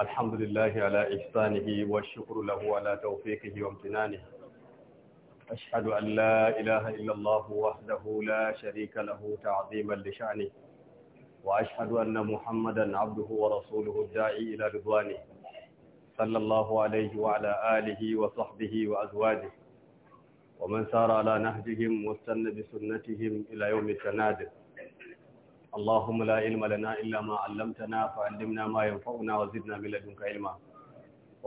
الحمد لله على إحسانه والشكر له على توفيقه وامتنانه أشهد أن لا إله إلا الله وحده لا شريك له تعظيما لشأنه وأشهد أن محمدا عبده ورسوله الداعي إلى رضوانه صلى الله عليه وعلى آله وصحبه وأزواجه ومن سار على نهجهم واستنى بسنتهم إلى يوم التنادر اللهم لا علم لنا إلا ما علمتنا فعلمنا ما ينفعنا وزدنا من لدنك علما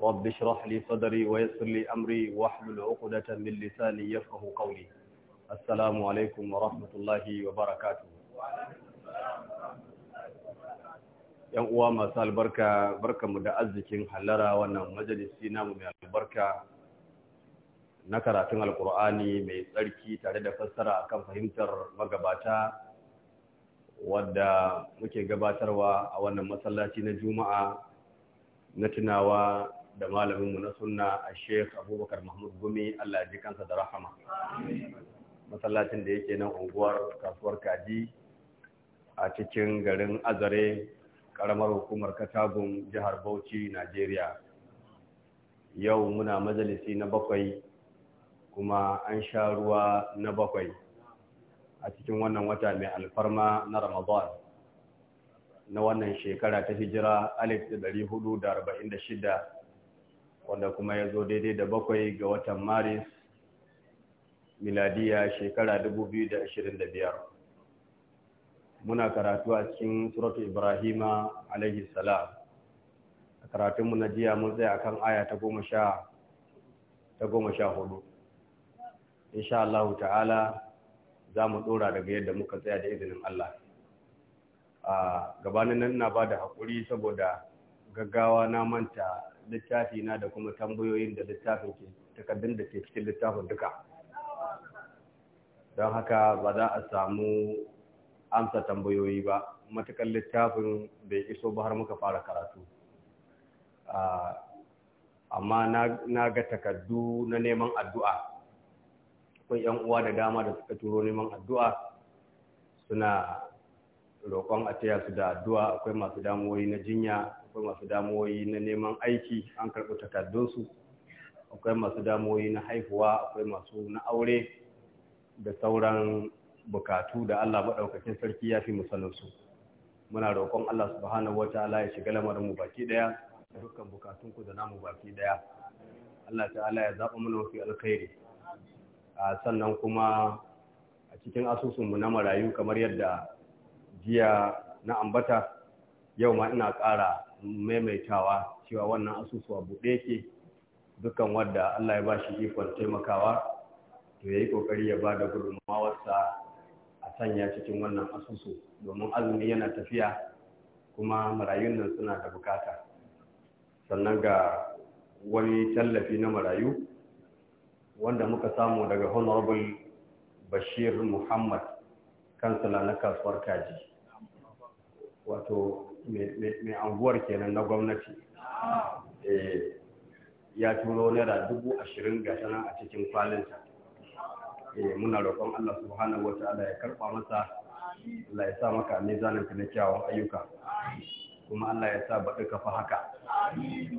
رب اشرح لي صدري ويسر لي أمري واحلل عقدة من لساني يفقه قولي السلام عليكم ورحمة الله وبركاته yan uwa masu albarka barkamu da arzikin hallara wannan majalisi namu mai albarka na karatun alkur'ani mai tsarki tare da fassara akan fahimtar magabata wadda muke gabatarwa a wannan masallaci na juma'a na tunawa da malaminmu na sunna a sheikh abubakar mahmud gumi allah ji kansa da rahama masallacin da yake nan unguwar kasuwar kaji a cikin garin azare karamar hukumar katagun jihar bauchi nigeria yau muna majalisi na bakwai kuma an sha ruwa na bakwai a cikin wannan wata mai alfarma na Ramadan na wannan shekara ta hijira 1446 wanda kuma ya zo daidai da bakwai ga watan Maris miladiya shekara 2025 muna karatu a cikin suratu Ibrahima alaihi salam a karatunmu na jiya mun tsaya akan aya ta goma sha ta goma sha hudu insha Allah ta'ala za mu ɗora daga yadda muka tsaya da izinin Allah. A gabanin nan na ba da haƙuri saboda gaggawa na manta littafi na da kuma tambayoyin da littafin ke takardun da ke cikin littafin duka. Don haka ba za a samu amsa tambayoyi ba, matakan littafin bai iso ba har muka fara karatu. Amma na ga takardu na neman addu'a. akwai yan uwa da dama da suka turo neman addu'a suna roƙon a taya su da addu'a akwai masu damuwoyi na jinya akwai masu damuwoyi na neman aiki an karɓi takardunsu akwai masu damuwoyi na haihuwa akwai masu na aure da sauran bukatu da Allah maɗaukakin sarki ya fi musallinsu muna roƙon Allah subhanahu wata'ala ya shiga lamarin mu baki ɗaya da dukkan bukatunku da namu baki ɗaya Allah ta'ala ya zaɓa mana mafi alkhairi sannan kuma a cikin asusunmu na marayu kamar yadda jiya na ambata yau ma ina ƙara maimaitawa cewa wannan asusu a buɗe ke. Dukkan wadda Allah ya ba shi ikon taimakawa to ya yi ƙoƙari ya ba da gudunmawarsa a sanya cikin wannan asusu domin azumi yana tafiya kuma marayun nan suna da bukata sannan ga wani tallafi na marayu wanda muka samu daga honorable bashir muhammad kansila na kasuwar kaji wato mai anguwar kenan na gwamnati eh, ya turo naira dubu ashirin ga sana a cikin kwalinta eh, muna roƙon allah subhanahu wa ta'ala ya karɓa masa allah ya sa maka zanen ka na kyawun ayyuka kuma allah ya sa baɗi kafa haka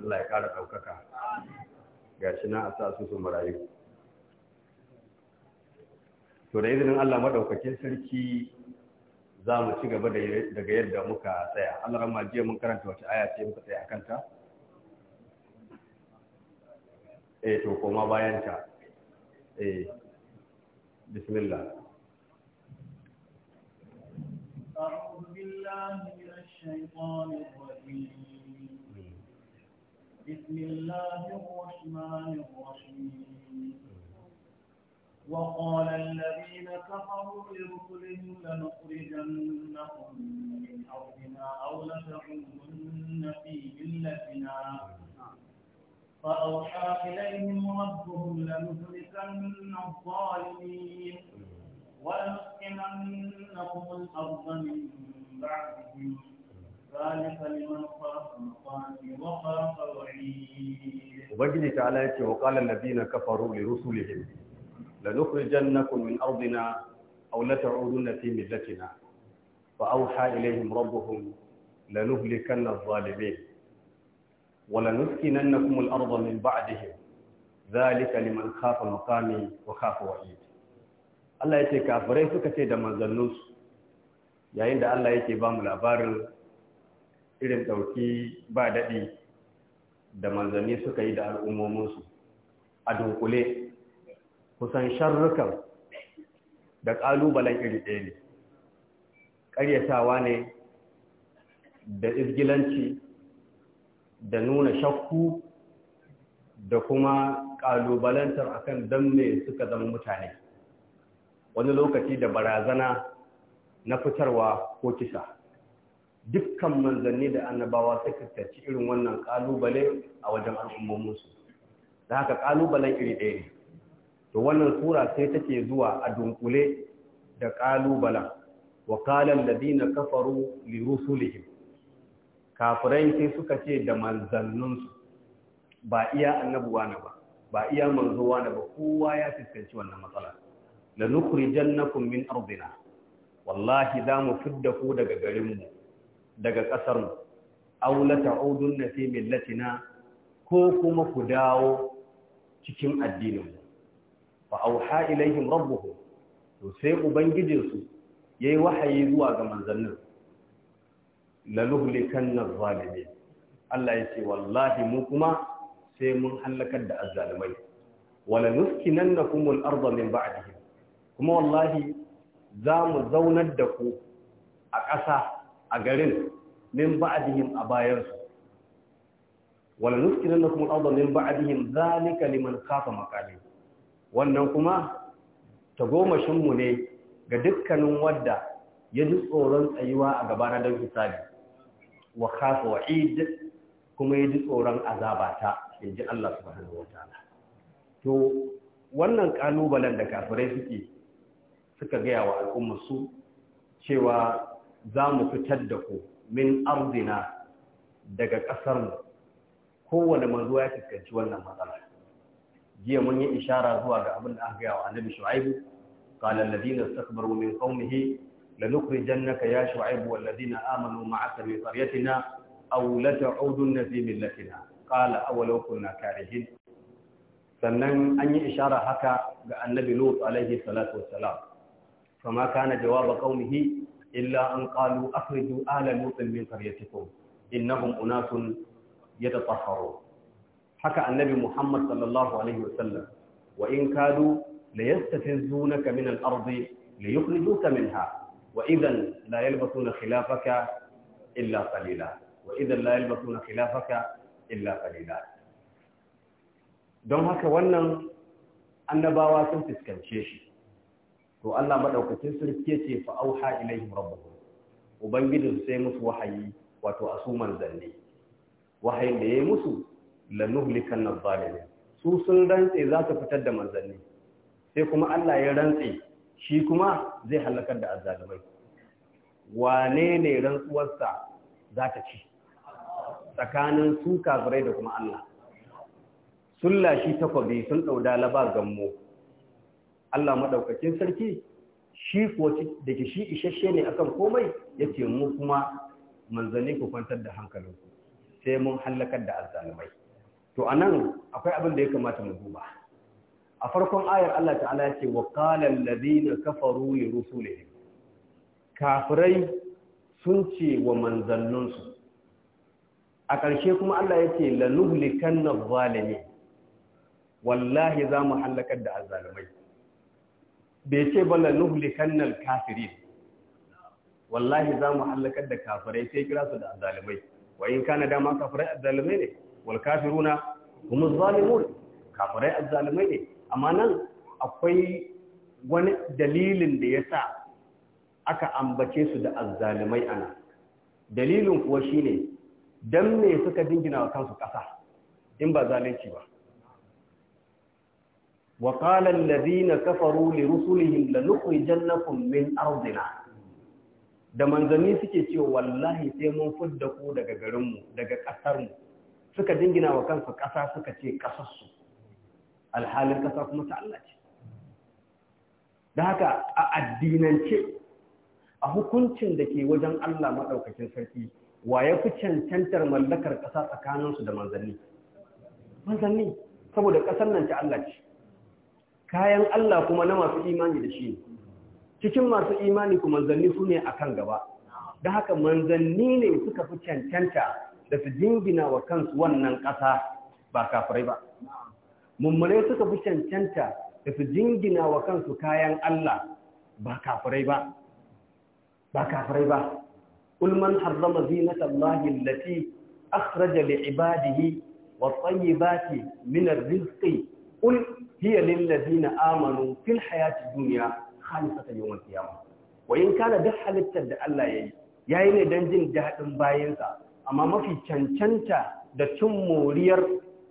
allah ya ƙara ɗaukaka ga shi na a sa su su marayu to da izinin Allah madaukakin sarki za mu ci gaba daga yadda muka tsaya Allah ramma jiya mun karanta wata aya ce muka tsaya akan ta eh to koma bayan ta eh bismillah hmm. بسم الله الرحمن الرحيم وقال الذين كفروا لرسلهم لنخرجنهم من أرضنا أو لتعودن في ملتنا فأوحى إليهم ربهم لنهلكن الظالمين ولنسكننكم الأرض من بعدهم ذلك لمن خاف مقامي وخاف وعيد وبجد تعالى وقال الذين كفروا لرسلهم لنخرجنكم من أرضنا أو لتعودن في ملتنا فأوحى إليهم ربهم لنهلكن الظالمين ولنسكننكم الأرض من بعدهم ذلك لمن خاف مقامي وخاف وعيد Allah ya ce kafirai suka ce da manzanninsu yayin da Allah yake ba mu labarin irin ɗauki ba daɗi da manzanni suka yi da al'ummominsu a dunkule kusan sharrukan da ƙalubalen iri ɗaya ne ƙaryatawa ne da izgilanci da nuna shakku da kuma ƙalubalantar akan don danne suka zama mutane wani lokaci da barazana na fitarwa ko kisa dukkan manzanni da annabawa suka tattaci irin wannan ƙalubale a wajen al'ummominsu da haka ƙalubalen iri ɗaya ne to wannan sura sai take zuwa a dunkule da kalubala wa qala alladhina kafaru li rusulihim kafirai sai suka ce da manzanninsu ba iya annabuwa na ba ba iya manzowa na ba kowa ya fiskanci wannan matsala la nukhrijannakum min ardina wallahi za mu fidda ku daga garinmu daga ƙasarmu aw la ta'udunna fi millatina ko kuma ku dawo cikin addininmu fa auha ilaihim rabbuhum to sai ubangijin su yayi wahayi zuwa ga manzannin na zalimin Allah ya ce wallahi mu kuma sai mun halakar da azzalimai wala nuskinannakum al-ardha min ba'dihim kuma wallahi za mu zaunar da ku a ƙasa a garin min ba'dihim a bayansu wala nuskinannakum al-ardha min ba'dihim zalika liman kafa maqami wannan kuma ta goma shinmu ne ga dukkanin wadda ya ji tsoron tsayuwa a gabana don hisabi wa wa id kuma ya ji tsoron azabata in ji Allah wata ala. to wannan kalubalen da kafirai suke suka gaya wa al'ummasu su cewa za mu fitar da ku min arzina daga ƙasarmu kowane manzo ya fuskanci wannan matsala jiya mun yi ishara zuwa ga abin da aka gaya wa annabi shu'aibu qala alladhina istakbaru min qaumihi lanukhrijannaka ya shu'aibu walladhina amanu ma'aka min qaryatina aw lat'udunna fi millatina qala awalau kunna karihin sannan an yi ishara haka ga annabi lut alaihi salatu wassalam fama kana jawaba qaumihi illa an qalu akhriju ala lut min qaryatikum innahum unasun yatatahharun haka annabi Muhammad sallallahu alaihi wasallam wa in kadu la yastatizunaka min al-ardi li yukhrijuka minha wa idan la yalbasuna khilafaka illa qalila wa idan la yalbasuna khilafaka illa qalila don haka wannan annabawa sun fiskance shi to Allah madaukakin sarki yace fa auha ilaihim rabbuhum ubangijin sai musu wahayi wato asu manzanni wahayin da yayi musu lanuhlikan nazzalimin su sun rantse za su fitar da manzanni sai kuma Allah ya rantse shi kuma zai halakar da azzalumai wane ne rantsuwarsa za ta ci tsakanin su kafirai da kuma Allah sun lashi takwabi sun ɗauda labar gammo Allah maɗaukakin sarki shi kuwa da ke shi isasshe ne akan komai ya ce mu kuma manzanni ku kwantar da hankalinku sai mun hallakar da azzalumai to anan akwai abin da ya kamata mu duba a farkon ayar Allah ta'ala ya ce wa qala alladhina kafaru li rusulihim kafirai sun ce wa manzanninsu a ƙarshe kuma Allah ya ce nuhlikanna zalimin wallahi za mu halakar da azzalimai bai ce ba la nuhlikanna kafirin wallahi za mu halakar da kafirai sai kira su da azzalimai wa in kana dama kafirai azzalimai ne wal kafiruna zalimun kafirai azzalimai ne amma nan akwai wani dalilin da ya sa aka ambace su da azzalimai ana dalilin kuwa shine dan me suka dingina wa kansu ƙasa in ba zalunci ba وقال الذين كفروا nufin لنخرجنكم min ارضنا da manzanni suke cewa wallahi sai mun fudda ku daga garinmu daga ƙasarmu suka dingina wa kansu ƙasa suka ce ƙasarsu alhalin ƙasa kuma ta Allah ce da haka a addinance a hukuncin da ke wajen Allah maɗaukakin sarki wa ya fi cancantar mallakar ƙasa tsakaninsu da manzanni manzanni saboda ƙasar nan ta Allah ce kayan Allah kuma na masu imani da shi cikin masu imani kuma manzanni su ne akan gaba da haka manzanni ne suka fi cancanta da su jingina wa kansu wannan ƙasa ba kafirai ba mummunai suka fi cancanta da su jingina wa kansu kayan Allah ba kafirai ba ba kafirai ba kul man harrama zinatallahi allati akhraja li ibadihi والطيبات من الرزق قل هي للذين آمنوا في الحياة الدنيا خالصة يوم Wa in kana ده حالتك da Allah yayi yayi ne dan jin dadin bayinsa amma mafi cancanta da cin moriyar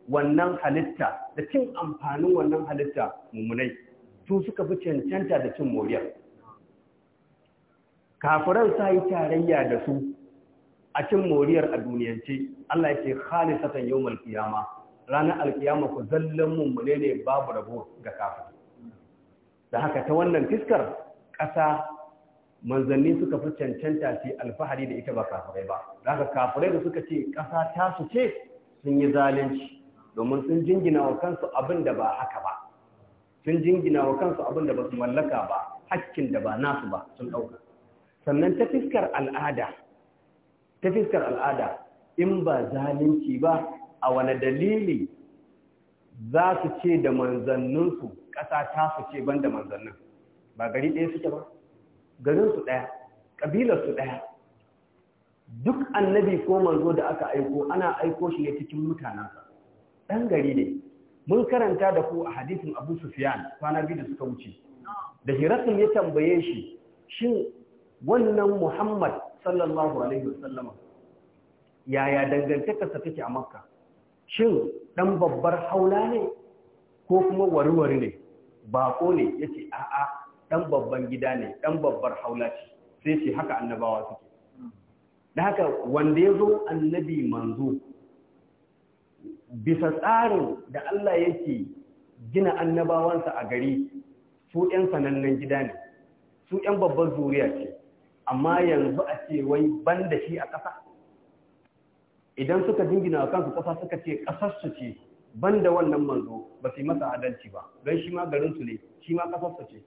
wannan halitta da cin amfanin wannan halitta mummunai su suka fi cancanta da cin moriyar kafiran sa yi tarayya da su a cin moriyar a duniyance Allah ya ce khalisatan yawmal qiyama ranar alkiyama ku zallan mummune ne babu rabo ga kafin, da haka ta wannan fiskar ƙasa manzanni suka fi cancanta su alfahari da ita ba kafirai ba haka kafirai da suka ce ƙasa su ce sun yi zalunci domin sun jingina wa kansu abin da ba haka ba sun jingina wa kansu abin da ba su mallaka ba hakkin da ba nasu ba sun ɗauka sannan ta fiskar al'ada ta fiskar al'ada in ba zalunci ba a wane dalili za su ce da manzanninsu ƙasa ta su ce ban da manzannin ba gari ɗaya suke ba garinsu ɗaya ƙabilarsu ɗaya duk annabi ko manzo da aka aiko ana aiko shi ne cikin mutanensa ɗan gari ne mun karanta da ku a hadisin abu sufyan kwana biyu da suka wuce da hirasun ya tambaye shi shin wannan muhammad sallallahu alaihi wasallama yaya dangantakarsa take a makka shin ɗan babbar haula ne ko kuma warware ne bako ne yace a'a Ɗan babban gida ne ɗan babbar haula ce sai ce haka annabawa suke da haka wanda ya zo annabi manzo bisa tsarin da Allah yake gina annabawansa a gari su 'yan sanannen gida ne su 'yan babbar zuriya ce amma yanzu a ce wai ban da shi a ƙasa idan suka dingina wa kansu ƙasa suka ce ƙasarsu ce ban da wannan manzo ba su yi masa adalci ba don shi ma garinsu ne shi ma ƙasarsu ce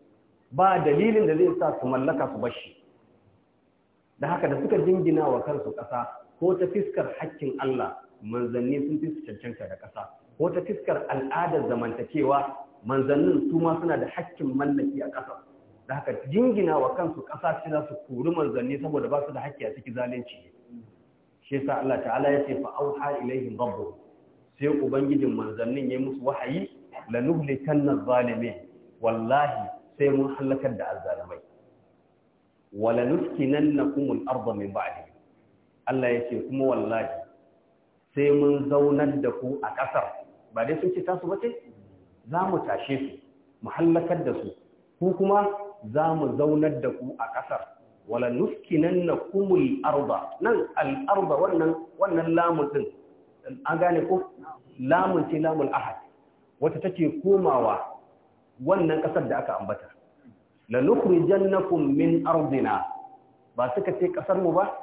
ba dalilin da zai sa su mallaka su bashi da haka da suka jingina wa kansu ƙasa ko ta fiskar hakkin Allah manzanni sun fi su cancanta da ƙasa ko ta fiskar al'adar zamantakewa manzannin su ma suna da haƙƙin mallaki a ƙasa da haka jingina wa kansu ƙasa suna su kori manzanni saboda ba su da haƙƙi a ciki zalunci shi yasa Allah ta'ala ya ce fa auha ilaihim rabbuhum sai ubangijin manzannin ya musu wahayi La nuhlikanna zalimin wallahi sai mun halakar da azzalamai wala nuskinannakum al-ardha min ba'di Allah ce kuma wallahi sai mun zaunar da ku a ƙasar. ba dai sun ce tasu bace za mu tashe su mu halakar da su ku kuma za mu zaunar da ku a ƙasar. wala na kumul arba. nan al wannan wannan lamun an gane ko lamun ce lamul ahad wata take komawa wannan ƙasar da aka ambata la nukhrijannakum min ardina ba suka ce ƙasar mu ba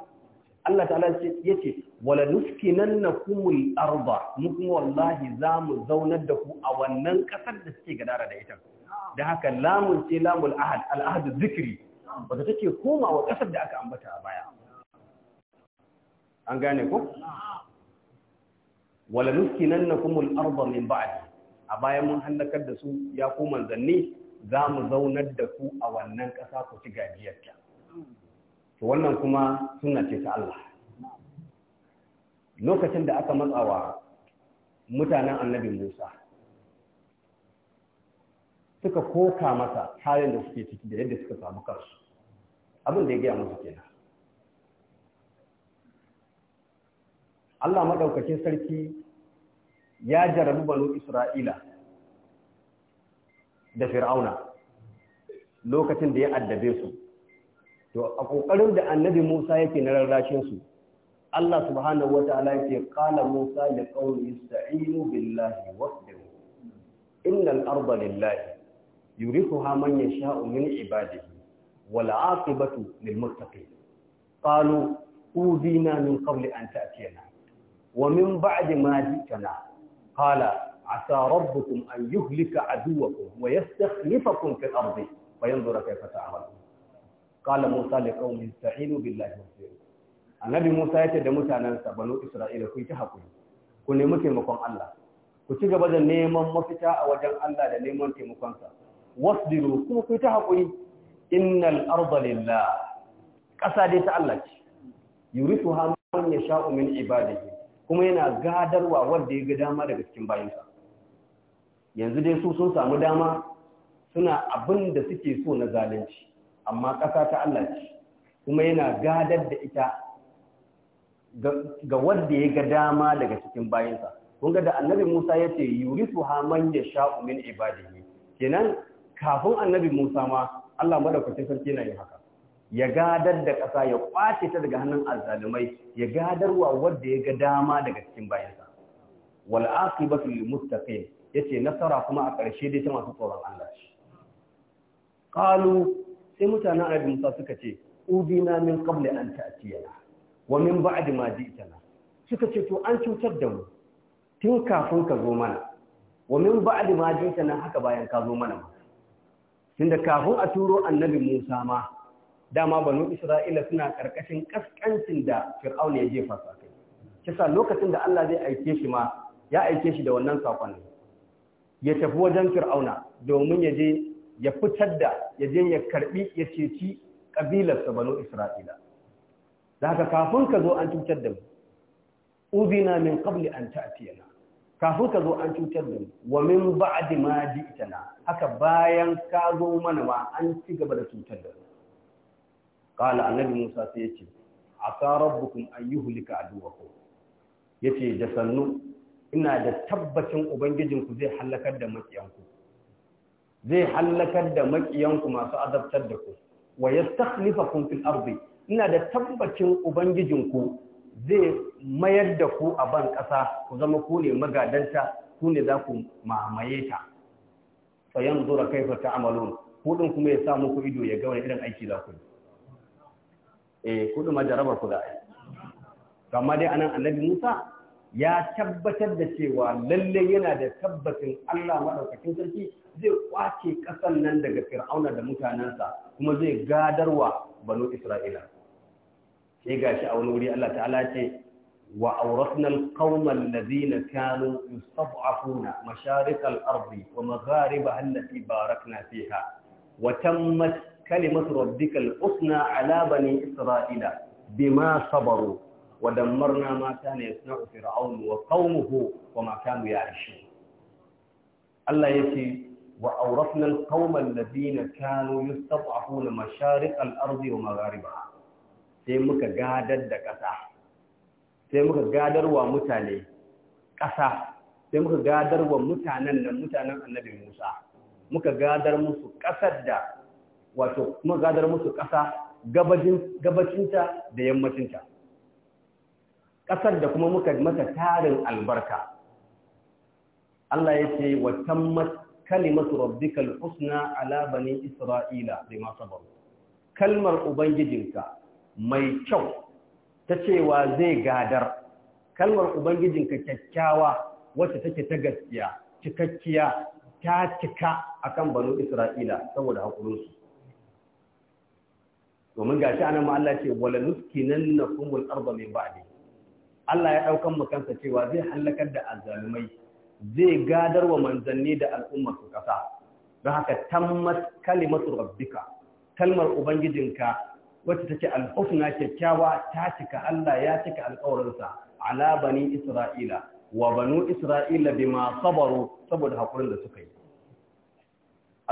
Allah ta'ala ce, wala nuskinannakumul arda mu kuma wallahi zamu zaunar da ku a wannan ƙasar da suke gadara da ita da haka lamun ce lamul ahad al ahad zikri take komawa ƙasar da aka ambata a baya an gane ku? wala nuskinannakumul arda min ba'di a bayan mun hallakar da su ya ku manzanni za mu zaunar da ku a wannan ƙasa ku ci gajiyarta to wannan kuma suna ce ta Allah lokacin da aka matsawa mutanen annabi Musa suka koka masa halin da suke ciki da yadda suka samu kansu abin da ya gaya musu kenan Allah maɗaukacin sarki ya jarabi banu isra'ila da fir'auna lokacin da ya addabe su to a ƙoƙarin da annabi Musa yake na rarrashin su Allah subhanahu Ta'ala yake ƙala Musa li qaumi ista'inu billahi wasbiru innal arda lillahi yurithuha man yasha'u min ibadihi wal 'aqibatu lil muttaqin qalu udina min qabli an ta'tiyana wa min ba'di ma ji'tana qala asa rabbukum an yuhlika aduwakum wa yastakhlifakum fil ardi fayanzura kayfa ta'malun qala musa liqaumin ta'inu billahi wasbiru annabi musa ce da mutanansa banu isra'ila ku ta hakuri ku nemi taimakon Allah ku ci gaba da neman mafita a wajen Allah da neman taimakonsa wasbiru kuma ku ta hakuri innal arda lillah ƙasa dai ta Allah ce yurisu ha man yasha'u min ibadihi kuma yana gadarwa wanda ya ga dama daga cikin bayansa yanzu dai su sun samu dama suna abin da suke so na zalunci amma ƙasa ta Allah ce kuma yana gadar da ita ga wanda ya ga dama daga cikin bayansa kun ga da annabi Musa ya ce yurisu ha man sha'u min ibadihi kenan kafin annabi Musa ma Allah madaukakin sarki yana yin haka ya gadar da ƙasa ya ƙwace ta daga hannun azzalumai ya gadarwa wanda ya ga dama daga cikin bayansa wal aqibatu lil muttaqin yace nasara kuma a ƙarshe dai ta masu tsoron Allah shi qalu sai mutanen Arabi Musa suka ce udina min qabli an ta'tiyana wa min ba'di ma ji'tana suka ce to an cutar da mu tun kafin ka zo mana wa min ba'di ma ji'tana haka bayan ka zo mana ma tunda kafin a turo annabi Musa ma dama banu isra'ila suna karkashin kaskancin da fir'auna ya jefa su kai kisa lokacin da Allah zai aike shi ma ya aike shi da wannan sakon ya tafi wajen fir'auna domin ya je ya fitar da ya je ya karbi ya ceci kabilar sa banu isra'ila da haka kafin ka zo an cutar da mu ubina min qabli an ta'tiyana kafin ka zo an cutar da mu wa min ba'di ma ji'tana haka bayan ka zo mana ma an ci gaba da cutar da mu kala annabi Musa sai yace asa rabbukum an yuhlika aduwakum yace da sannu ina da tabbacin ku zai halakar da makiyanku zai halakar da makiyanku masu azabtar da ku wa yastakhlifakum fil ardi ina da tabbacin ubangijin ku zai mayar da ku a ban ƙasa ku zama ku ne magadanta ku ne za ku mamaye ta fa yanzura kaifa ta'malun ku din kuma ya sa muku ido ya ga wani irin aiki za ku yi eh kudu ma jarabar ku za a yi dai anan annabi Musa ya tabbatar da cewa lalle yana da tabbacin Allah maɗaukakin sarki zai kwace ƙasan nan daga fir'auna da mutanensa kuma zai gadarwa banu isra'ila sai ga a wani wuri Allah ta'ala ce wa auratna alqawma alladhina kanu yustad'afuna masharik al-ardi wa magharibaha allati barakna fiha wa tammat kalimatu rabbikal usna ala bani isra'ila bima sabaru wa dammarna ma kana yasna'u fir'aun wa qaumuhu wa ma kanu ya'ishun Allah yace wa awrafna alqauma alladhina kanu yastad'afuna masharik al-ardi wa magharibaha sai muka gadar da ƙasa sai muka gadarwa mutane ƙasa sai muka gadarwa mutanen nan mutanen annabi Musa muka gadar musu ƙasar da wato kuma gadar musu ƙasa gabacinta da yammacinta ƙasar da kuma muka mata tarin albarka Allah ya ce wa tammat kalimatu rabbikal husna ala bani isra'ila ma sabaru kalmar ubangijinka mai kyau ta cewa zai gadar kalmar ubangijinka kyakkyawa wacce take ta gaskiya cikakkiya ta cika akan Bani isra'ila saboda hakurinsu domin gashi anan ma Allah ce wala nuskinannakumul arba min ba'di Allah ya daukan mu kansa cewa zai hallakar da azzalumai zai gadar wa manzanni da al'umma su kasa don haka tammat kalimatu rabbika kalmar ubangijinka wacce take alhusna kyakkyawa ta cika Allah ya cika alƙawarinsa ala bani isra'ila wa banu isra'ila bima sabaru saboda hakurin da suka yi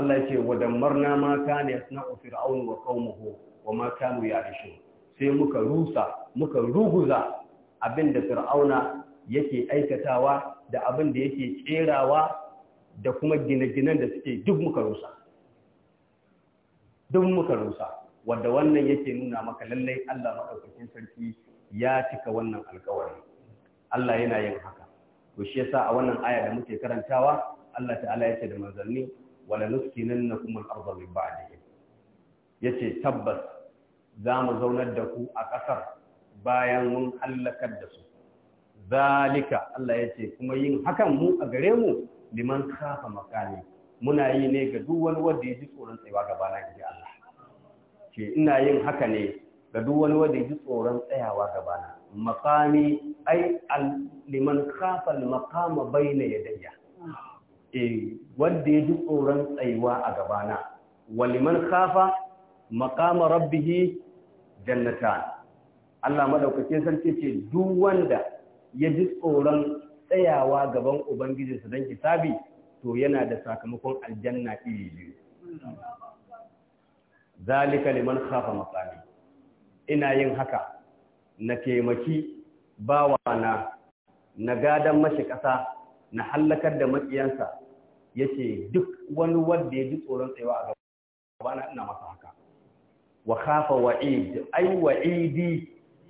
Allah yake wa damarna ma kana yasna'u fir'aun wa qaumuhu wa ma kanu ya rishu sai muka rusa muka ruguza abin da fir'auna yake aikatawa da abinda da yake kerawa da kuma gine-ginen da suke duk muka rusa duk muka rusa wadda wannan yake nuna maka lallai Allah maɗaukakin sarki ya cika wannan alkawari Allah yana yin haka to shi yasa a wannan aya da muke karantawa Allah ta'ala yake da manzanni wala nuskinannakum al-ardha min ba'dihim yace tabbas za mu zaunar da ku a ƙasar bayan mun hallakar da su zalika Allah ya ce kuma yin hakan mu a gare mu liman kafa makami muna yi ne ga duk wani wanda ya ji tsoron tsayawa ga bana inji Allah ke ina yin haka ne ga duk wani wanda ya ji tsoron tsayawa ga bana. makami ai liman kafa makama ya yadayya eh wanda ya ji tsoron tsayuwa a gabana waliman kafa makama rabbihi jannata Allah madaukakin sarki ce duk wanda ya ji tsoron tsayawa gaban ubangijinsa don hisabi to yana da sakamakon aljanna iri biyu zalika liman khafa maqami ina yin haka na taimaki bawana na gadan mashi ƙasa na hallakar da maƙiyansa yace duk wani wanda ya ji tsoron tsayawa a gabana ina masa haka wa khafa wa'id ai wa'idi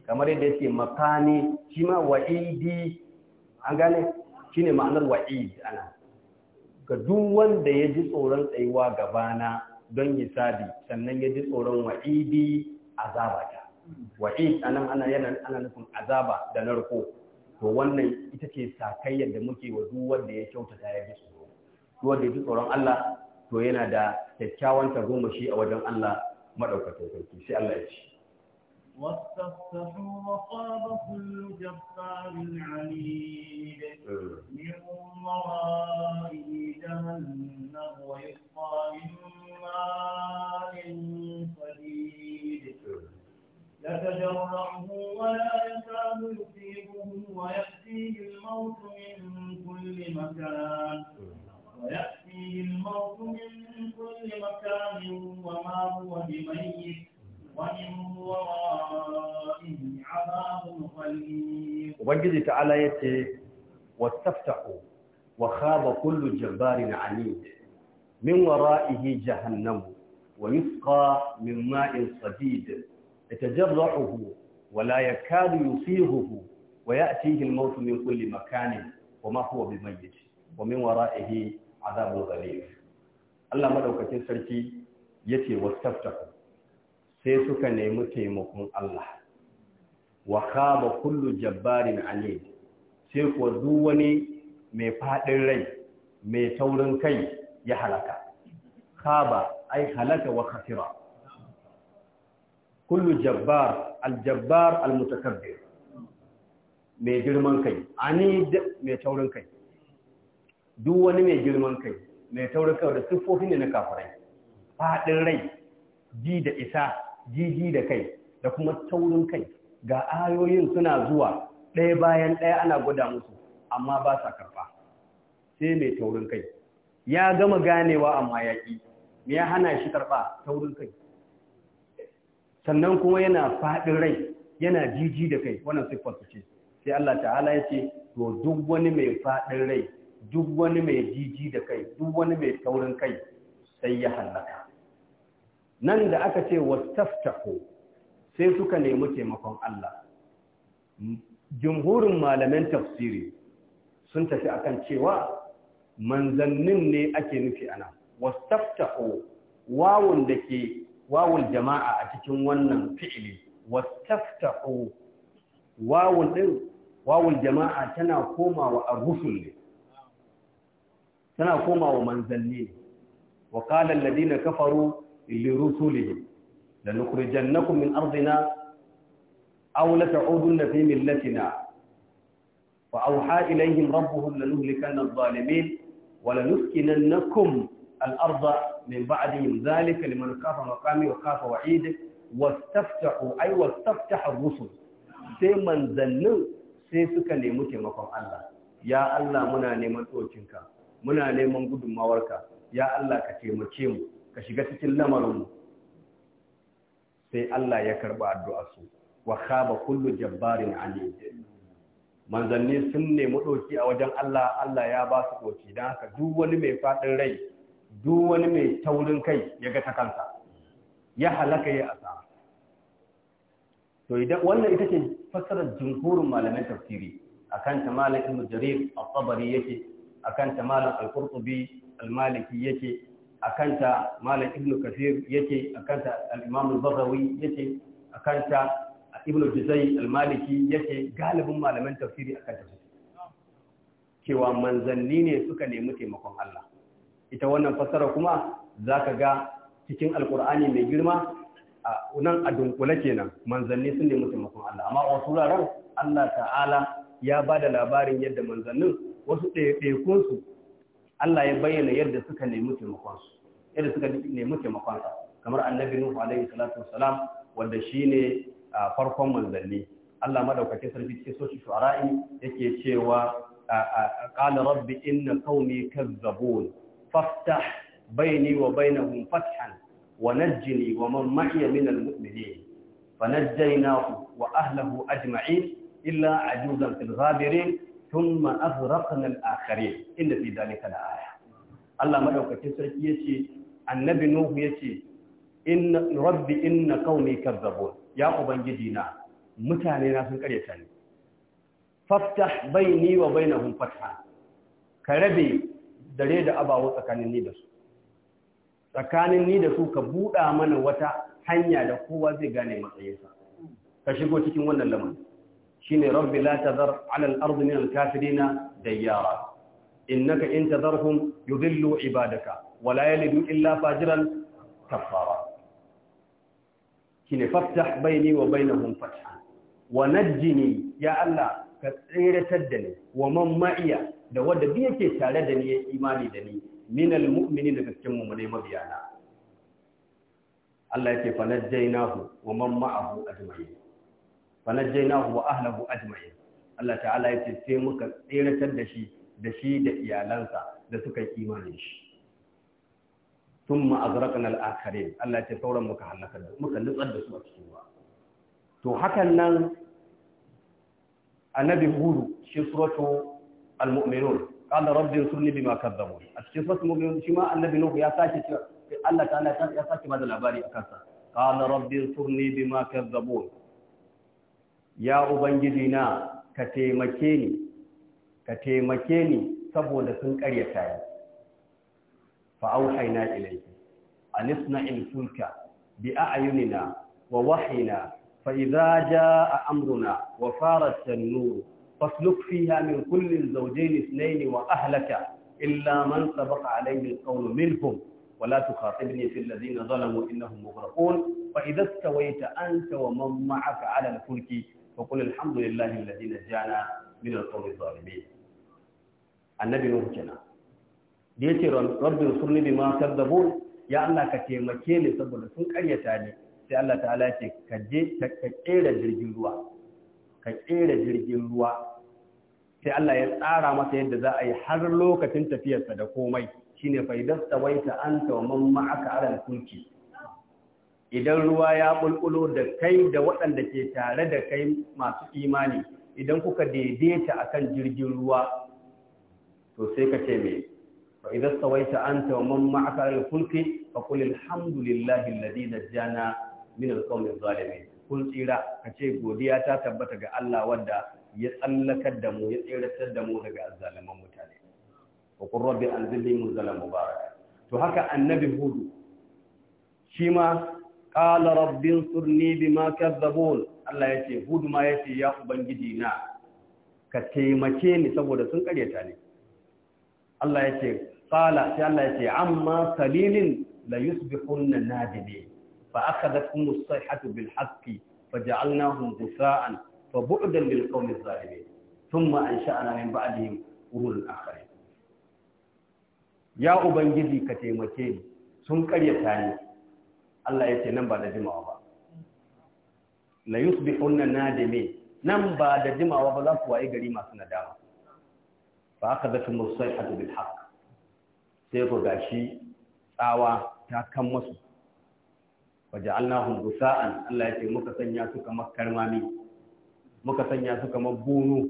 kamar yadda yake makani shi ma wa'idi an gane shine ma'anar wa'id ana ga duk wanda ya ji tsoron tsayuwa gabana don yisabi sannan ya ji tsoron wa'idi azaba ta wa'id anan ana yana ana nufin azaba da narko to wannan ita ce sakayyar da muke wa duk wanda ya kyautata ya ji tsoro duk wanda ya ji tsoron Allah to yana da kyakkyawan tagomashi a wajen Allah madaukakin sarki sai Allah ya ce واستفتحوا وخاب كل جبار عنيد من ورائه جهنم ويسقى من ماء صديد يتجرعه ولا يكاد يصيبه ويأتيه الموت من كل مكان ويأتيه يأتيه الموت من كل مكان وما هو بميت ومن ورائه عذاب غليظ وبنجد تعالى يتي واستفتحوا وخاب كل جبار عنيد من ورائه جهنم ويسقى من ماء صديد يتجرعه ولا يكاد يصيغه ويأتيه الموت من كل مكان وما هو بميت ومن ورائه azabul ghalib Allah madaukakin sarki yace wastaftahu sai suka nemi taimakon Allah wa khaba kullu jabbarin anid sai ko duk wani mai fadin rai mai taurin kai ya halaka khaba ai halaka wa khasira kullu jabbar al-jabbar al mai girman kai ani mai taurin kai duk wani mai girman kai mai taurin kai da siffofin da na kafirai faɗin rai ji da isa jiji da kai da kuma taurin kai ga ayoyin suna zuwa ɗaya bayan ɗaya ana gwada musu amma ba sa karɓa sai mai taurin kai ya gama ganewa amma ya ƙi ya hana shi karɓa taurin kai sannan kuma yana faɗin rai yana jiji da kai wannan siffar ce sai Allah ta'ala ya ce to duk wani mai faɗin rai duk wani mai jiji da kai duk wani mai taurin kai sai ya hallaka nan da aka ce wastaftahu sai suka nemi taimakon Allah jumhurin malaman tafsiri sun tafi akan cewa manzannin ne ake nufi ana wastaftahu wawun da ke wawul jama'a a cikin wannan fi'ili wastaftahu wawun din wawul jama'a tana komawa ar-rusul ne tana komawa manzanni wa qala alladhina kafaru li rusulihim lanukhrijannakum min ardina aw la ta'udunna fi millatina fa auha ilaihim rabbuhum lanuhlikanna adh-dhalimin wa lanuskinannakum الأرض من بعدهم ذلك لمن خاف مقامي وخاف وعيد واستفتحوا أي واستفتح الرسل sai manzannin sai suka nemi taimakon Allah ya Allah muna neman ɗokinka muna neman gudunmawarka ya Allah ka taimake mu ka shiga cikin mu. sai Allah ya karba addu'a su wa khaba kullu jabbarin alim manzanni sun nemi doki a wajen Allah Allah ya ba su doki dan haka duk wani mai fadin rai duk wani mai taurin kai ya ga ta kansa ya halaka ya asa. to idan wannan ita ce fassarar jumhurin malaman tafsiri akan ta malamin jarir al tabari yake A kanta malam al-qurtubi al-maliki yake A kanta malam ibn kathir yake A kanta al-imam al yake A kanta ibn juzay al-maliki yake galibin malaman tafsiri akan ta cewa manzanni ne suka nemi taimakon Allah ita wannan fassara kuma zaka ga cikin alkur'ani mai girma nan a dunkule kenan manzanni sun nemi taimakon Allah amma a wasu Allah ta'ala ya ba da labarin yadda manzannin wasu ɗaiɗaikunsu Allah ya bayyana yadda suka nemi taimakonsu yadda suka nemi taimakonsa kamar annabi Nuhu alaihi salatu wassalam wanda shine farkon manzanni Allah madaukakin sarki cikin soshi shu'ara'i yake cewa qala rabbi inna qaumi kazzabun faftah baini wa bainahum fathan wa najjini wa man ma'iya min almu'minin fanajjaynahu wa ahlihi ajma'in illa ajuzan fil ghabirin thumma azraqna al-akhirin inda fi dalika la aya Allah madaukakin sarki yace annabi nuhu yace inna rabbi inna qaumi kadzabun ya ubangiji na mutane na sun kareta ni faftah bayni wa bainahum fatha ka rabe dare da abawo tsakanin ni da su tsakanin ni da su ka buɗa mana wata hanya da kowa zai gane matsayinsa ka shigo cikin wannan lamarin shine rabbi la tadhar ala al-ardi min al-kafirina dayyara innaka in tadharhum yudillu ibadaka wa la yalidu illa fajiran kafara shine faftah bayni wa bainahum fatha wa najjini ya Allah ka tsiratar da ni wa man ma'iya da wanda bi yake tare da ni ya imani da ni min al-mu'mini daga cikin mu'minai mabiyana Allah yake fa najjaynahu wa man ma'ahu ajma'in fanajjaynahu wa ahlahu ajma'in Allah ta'ala yace sai muka tseratar da shi da shi da iyalansa da suka yi imani shi thumma aghraqna al-akharin Allah sauran muka halaka da muka nutsar da su a cikin ruwa to hakan nan annabi hudu shi suratu al-mu'minun qala rabbi ansurni bima a cikin shi ma ya sake cewa ba da labari akan sa qala rabbi ya ubangiji na ka taimake ni ka taimake ni saboda sun karyata ni fa auhayna A an isna'il fulka bi a'yunina wa wahyina fa a amruna wa fara sannu. nur fasluk min kulli zawjayn wa ahlaka illa man sabaqa alayhi al-qawlu minhum ولا تخاطبني في الذين ظلموا إنهم مغرقون فإذا استويت أنت ومن معك على الفلك فقل الحمد لله الذي نجانا من القوم الظالمين annabi nuhu kenan da yace rabbi surni bima kadzabun ya Allah ka taimake ni saboda sun karyata ni sai Allah ta'ala ce ka je ka kera jirgin ruwa ka kera jirgin ruwa sai Allah ya tsara masa yadda za a yi har lokacin tafiyarsa da komai shine fa idan tawaita anta wa man ma'aka ala al-fulki idan ruwa ya bulbulo da kai da waɗanda ke tare da kai masu imani idan kuka daidaita akan jirgin ruwa to sai ka ce me fa idan sawaita anta wa man ma'aka al-fulki fa qul alhamdulillahi alladhi najjana min al-qawmi adh-dhalimin kun tsira ka ce godiya ta tabbata ga Allah wanda ya tsallakar da mu ya tsiratar da mu daga azzalaman mutane wa qur rabbi anzilni munzalan mubarak to haka annabi hudu shi ma qala rabbi ansurni bima kazzabun Allah yace hud ma yace ya ubangiji na ka taimake ni saboda sun karyata ni Allah yace qala sai Allah yace amma qalilin la yusbihunna nadimin fa akhadhatkum as-sayhatu bil haqqi faja'alnahum ghisa'an fa bu'dan lil qawmi adh-dhalimin thumma ansha'na min ba'dihim qurun akharin ya ubangiji ka taimake ni sun karyata ni Allah ya ce nan ba da jimawa ba la na nadimi nan ba da jimawa ba za su waye gari masu nadama ba aka zaka musaihatu bil haka. sai ku gashi tsawa ta kan musu waja'alnahum gusa'an Allah ya ce muka sanya su kamar karmami muka sanya su kamar bunu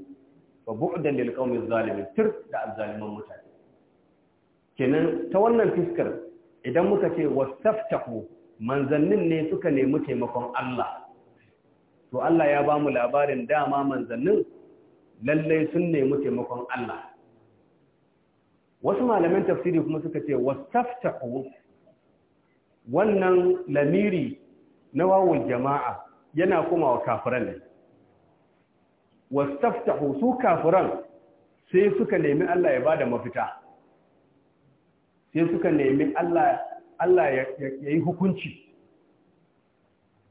fa bu'dan lil qaumi zalimin tir da azzaliman mutane kenan ta wannan fiskar idan muka ce wastaftahu manzannin ne suka nemi taimakon Allah to Allah ya ba mu labarin dama manzannin lallai sun nemi taimakon Allah wasu malaman tafsiri kuma suka ce wastaftahu wannan lamiri na wawul jama'a yana kuma wa kafiran ne wastaftahu su kafiran sai suka nemi Allah ya bada mafita sai suka nemi Allah Allah ya yi hukunci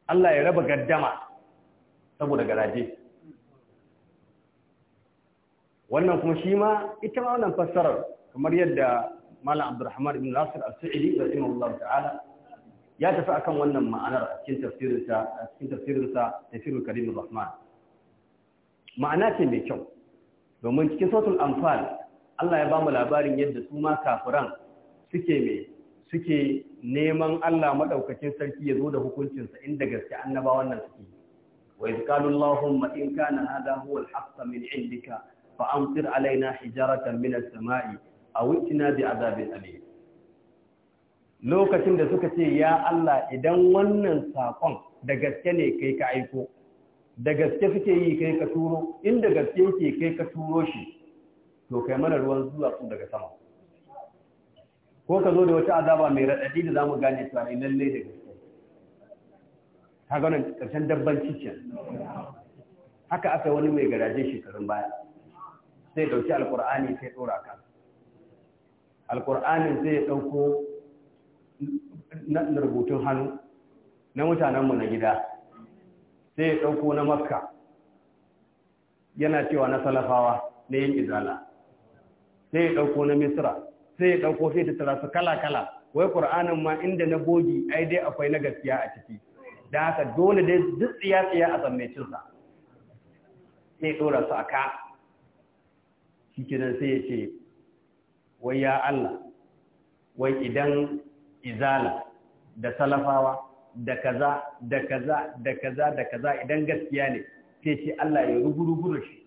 Allah ya raba gaddama saboda garaje wannan kuma shi ma ita ma wannan fassarar kamar yadda Malam Abdulrahman ibn Nasir al-Sa'idi rahimahullah ta'ala ya tafi akan wannan ma'anar a cikin tafsirinsa a cikin tafsirinsa Tafsirul Karim Rahman ma'ana ce mai kyau domin cikin sautul anfal Allah ya ba mu labarin yadda su ma kafiran suke mai suke neman Allah maɗaukacin sarki ya zo da hukuncinsa inda gaske annabawan nan suke wa iz qalu allahumma in kana hada huwa al min indika fa amtir alaina hijaratan min as-sama'i aw itina bi azabin alim lokacin da suka ce ya Allah idan wannan sakon da gaske ne kai ka aiko da gaske suke yi kai ka turo inda gaske yake kai ka turo shi to kai mana ruwan zuwa daga sama ko ka zo da wata azaba mai raɗaɗi da za mu gane cewa in eh, lallai da gaske ta gwanan karshen dabban cikin haka aka wani mai garaje shekarun baya sai ɗauki alƙur'ani sai ɗora ka alƙur'anin sai ya ɗauko na rubutun hannu na mutanenmu na gida sai ya ɗauko na makka yana cewa na salafawa na yin izala sai ya ɗauko na misra sai ya ɗauko sai tattara su kala-kala wai ƙur'anin ma inda na bogi ai dai akwai na gaskiya a ciki da haka dole dai duk tsiya-tsiya a zammecinsa sai ɗora su a ka shi kinan sai ya ce wai ya Allah wai idan izala da salafawa da kaza da kaza da kaza da kaza idan gaskiya ne sai ce Allah ya rugu-rugu da shi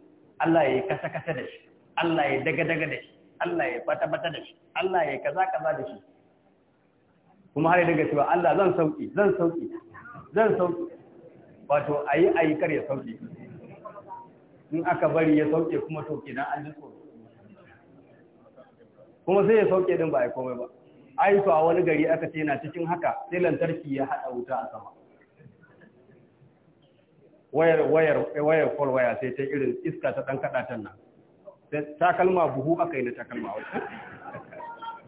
Allah ya yi kasa-kasa da shi Allah ya daga-daga da shi Allah ya bata bata da shi Allah ya kaza kaza da shi kuma har daga cewa Allah zan sauki zan sauki zan sauki wato ayi ayi kar ya sauki in aka bari ya sauke kuma to kenan an ji tsoro kuma sai ya sauke din ba ai komai ba ai to a wani gari aka ce yana cikin haka sai lantarki ya hada wuta a sama wayar wayar wayar kol waya sai ta irin iska ta dan kada tan nan da takalma buhu aka yi na takalma wajen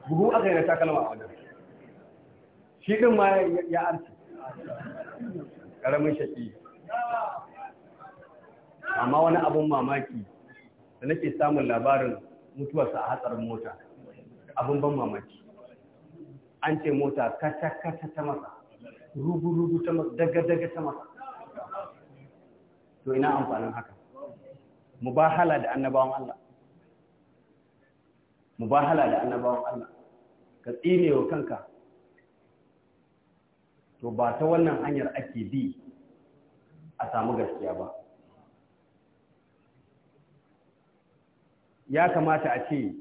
buhu aka yi na takalma wajen shi ɗin ma ya arci ƙaramin shaƙi amma wani abun mamaki da nake samun labarin mutuwarsa a hatsarin mota abun ban mamaki an ce mota kata-kata ta masa rubu-rubu ta masa daga-daga ta masa to ina amfanin haka Mu ba hala da annabawan Allah mubahala da annabawan Allah ka tsine kanka to ba ta wannan hanyar ake bi a samu gaskiya ba ya kamata a ce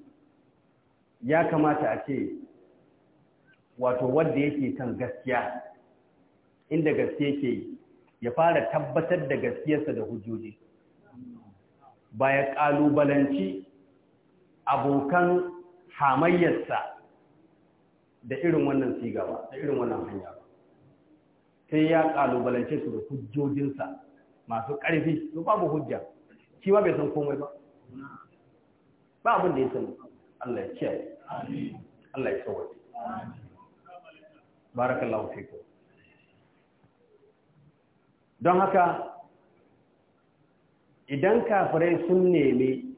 ya kamata a ce wato wanda yake kan gaskiya inda gaskiya ke ya fara tabbatar da gaskiyarsa da hujjoji ba ya ƙalubalanci abokan hamayyarsa da irin wannan sigawa da irin wannan hanya sai ya kalubalance su da hujjojinsa masu ƙarfi su babu hujja shi ma bai san komai ba ba abin da ya san Allah ya kiyaye Allah ya tsawaye barakallahu fiku don haka idan kafirai sun nemi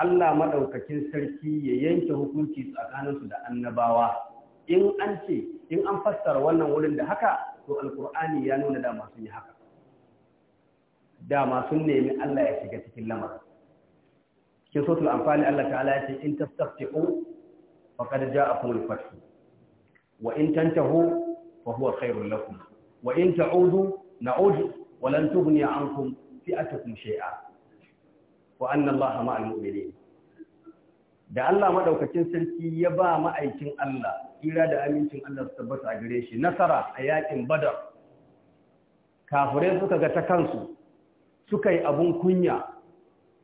Allah maɗaukakin sarki ya yanke hukunci tsakaninsu da annabawa in an ce in an fassara wannan wurin da haka to alkur'ani ya nuna dama sun yi haka dama sun nemi Allah ya shiga cikin lamar. cikin sotul amfani Allah ta'ala ya ce in tastaftiqu faqad ja'akum al-fath wa in tantahu fa huwa khairul lakum wa in ta'udu na'ud wa lan tughni ankum fi'atukum shay'a wa anna Allah ma'al mu'minin da Allah maɗaukacin sarki ya ba ma'aikin Allah kira da amincin Allah su tabbata a gare shi nasara a yaƙin Badar kafirai suka ga ta kansu suka yi abun kunya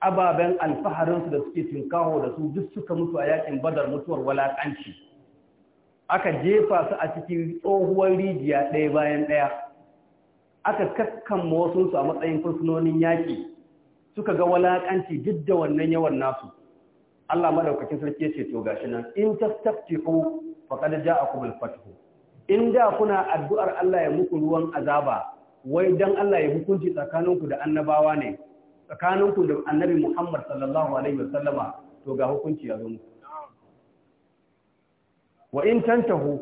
ababen alfaharinsu da suke tunkaho da su duk suka mutu a yakin Badar mutuwar walaƙanci. aka jefa su a cikin tsohuwar rijiya ɗaya bayan ɗaya aka kakkan wasunsu a matsayin fursunonin yaƙi suka ga walakanci duk da wannan yawan nasu Allah madaukakin sarki ya ce to gashi nan in tastaftihu faqad ja'akum al-fath in da kuna addu'ar Allah ya muku ruwan azaba wai dan Allah ya hukunci tsakaninku da annabawa ne tsakaninku da annabi Muhammad sallallahu alaihi wasallama to ga hukunci ya zo muku wa in tantahu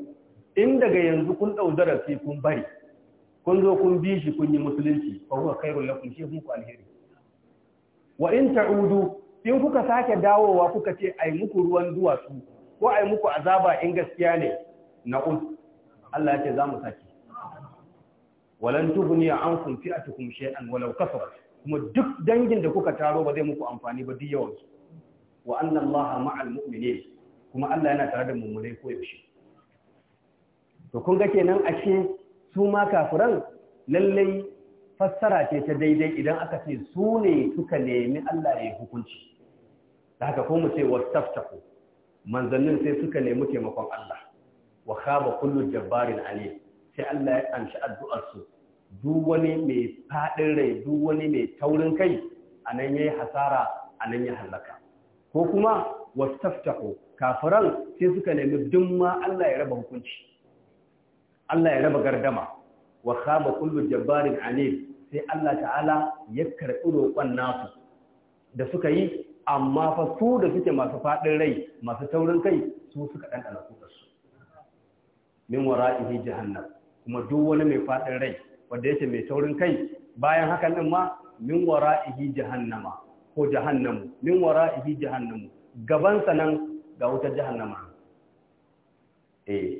in daga yanzu kun daudara sai kun bari kun zo kun bi shi kun yi musulunci fa huwa khairul lakum shi ku alheri wa in ta'udu in kuka sake dawowa kuka ce ai muku ruwan duwatsu ko ai muku azaba in gaskiya ne na'ud Allah ya ce za sake walan tubni ankum fi'atukum shay'an walau kafara kuma duk dangin da kuka taro ba zai muku amfani ba duk yawan su wa anna Allah ma'al mu'minin kuma Allah yana tare da mummunai ko yaushe to kun ga kenan ashe su ma kafiran lallai fassara ce ta daidai idan aka ce su ne suka nemi Allah ya hukunci da haka ko mu ce s-taftaku", manzannin sai suka nemi taimakon Allah wa khaba kullu jabbarin alim sai Allah ya amshi addu'ar su duk wani mai fadin rai duk wani mai taurin kai anan yayi hasara anan ya halaka ko kuma s-taftaku" kafiran sai suka nemi dumma Allah ya raba hukunci Allah ya raba gardama wa khaba kullu jabbarin alim sai Allah ta'ala ya karɓi roƙon nasu da suka yi amma fa su da suke masu faɗin rai masu taurin kai su suka ɗanɗana su. min wara'ihi jihannan kuma duk wani mai faɗin rai wanda yake mai taurin kai bayan hakan nan ma min wara'ihi jahannama ko jahannamu min wara'ihi jahannamu gaban sa nan ga wutar jahannama eh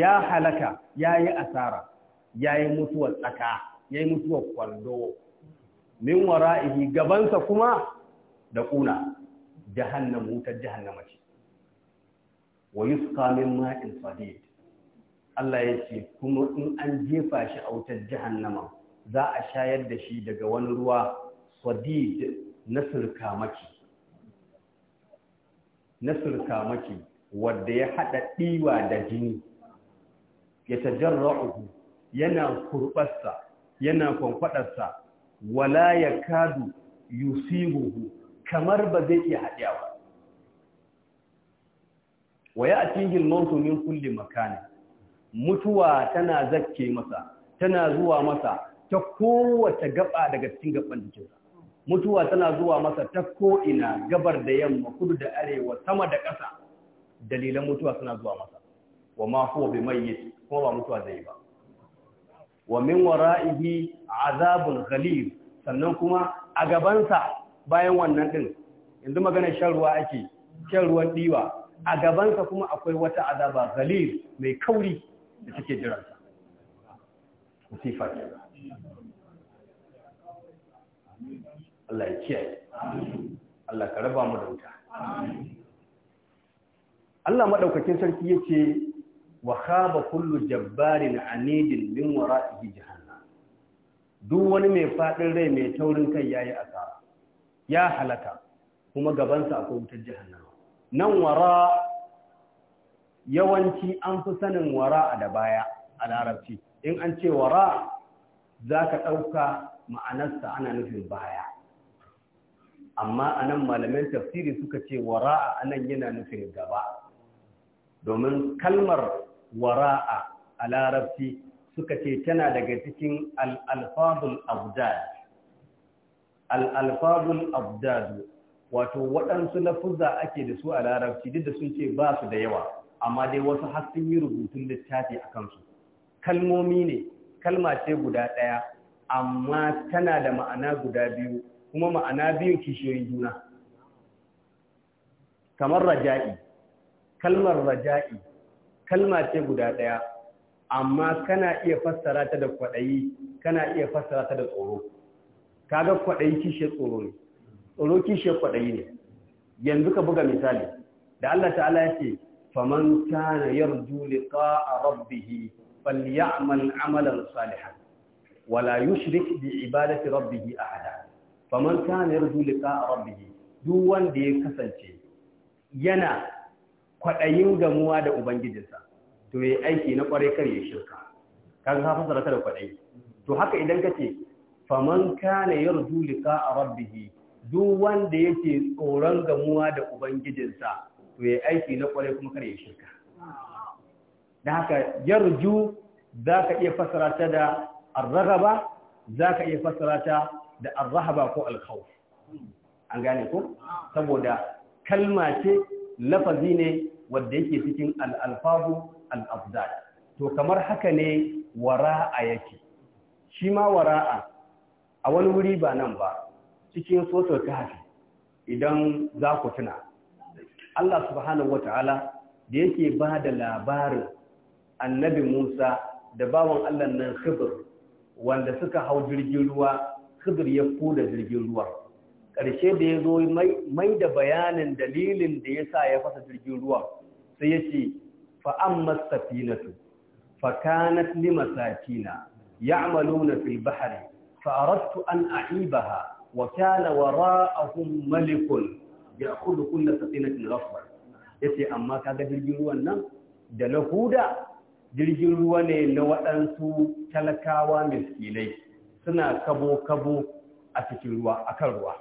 ya halaka yayi asara yayi mutuwar tsaka ya yi mutuwar kwallo min wara'ihi gabansa kuma da ƙuna jahannam mutar jahannama ce wa yusqa min ma'in sadid Allah ya ce kuma in an jefa shi a wutar jahannama za a shayar da shi daga wani ruwa sadid na surka-maki, na surka-maki, wadda ya haɗa ɗiwa da jini ya tajarra'uhu yana kurɓarsa yana kwamfadarsa, wala ya kadu yusibuhu kamar ba zai iya haɗewa wa ya cikin mautu min kulli makani mutuwa tana zakke masa tana zuwa masa ta kowace gaba daga cikin gaban jikinsa mutuwa tana zuwa masa ta ko'ina gabar da yamma kudu da arewa sama da ƙasa dalilan mutuwa suna zuwa masa wa ma huwa bi mayyit kuma ba mutuwa zai ba wa min wara'ihi azabun ghalib sannan kuma a gabansa bayan wannan din yanzu maganar shan ruwa ake shan ruwan diwa a gabansa kuma akwai wata azaba ghalib mai kauri da take jiransa musifa Allah ya kiyaye Allah ka raba mu da wuta Allah madaukakin sarki yace wa khaba kullu jabbarin anidin min wara'ihi jahannam duk wani mai fadin rai mai taurin kai yayi asara ya halaka kuma gabansa akwai wutar jahannama nan wara yawanci an fi sanin wara da baya a larabci in an ce wara zaka ka ɗauka ma'anarsa ana nufin baya amma a nan malamin tafsiri suka ce wara a nan yana nufin gaba domin kalmar wara'a a larabci suka ce tana daga cikin al'alfabul abdad al'alfabul abdad wato waɗansu lafuzza ake da su a larabci duk da sun ce ba su da yawa amma dai wasu har yi rubutun littafi a kansu kalmomi ne kalma ce guda ɗaya amma tana da ma'ana guda biyu kuma ma'ana biyu kishiyoyin juna kamar raja'i kalmar raja'i kalma ce guda ɗaya amma kana iya fassara ta da kwaɗayi kana iya fassara ta da tsoro kaga kwaɗayi kishe tsoro ne tsoro kishe kwaɗayi ne yanzu ka buga misali da Allah ta'ala ya ce faman kana yarju liqa'a rabbih falyamal amalan salihan wala yushrik bi ibadati rabbih ahada faman kana yarju liqa'a rabbih duk wanda ya kasance yana kwaɗayin gamuwa da ubangijinsa to yi aiki na ƙwarai kar yi shirka kaga ka fasara ta da kwaɗayi to haka idan ka ce faman rudu lika a rabbihi, duk wanda yake tsoron gamuwa da ubangijinsa to yi aiki na ƙwarai kuma kar yi shirka da haka yarju ka iya fasara ta da arraba, za ka iya fasara ta da arraba ko al an gane ko saboda kalma ce lafazi ne wanda yake cikin al-alfazu al to kamar haka ne wara'a yake shi ma wara'a a wani wuri ba nan ba cikin sotar kahfi idan za ku tuna Allah subhanahu Ta'ala da yake ba da labarin annabi Musa da bawan Allah nan Khidir wanda suka hau jirgin ruwa Khidir ya kula jirgin ruwa ƙarshe da ya zo mai da bayanin dalilin da ya sa ya fasa jirgin ruwa sai ya ce fa'an masafinatu fakanat na masakina ya'maluna fil bahri fa'arattu an a'ibaha wa kana wara'ahum malikun ya'khudhu na safinatin Ya yace amma ga jirgin ruwan nan da na huda jirgin ruwa ne na waɗansu talakawa miskinai suna kabo kabo a cikin ruwa akan ruwa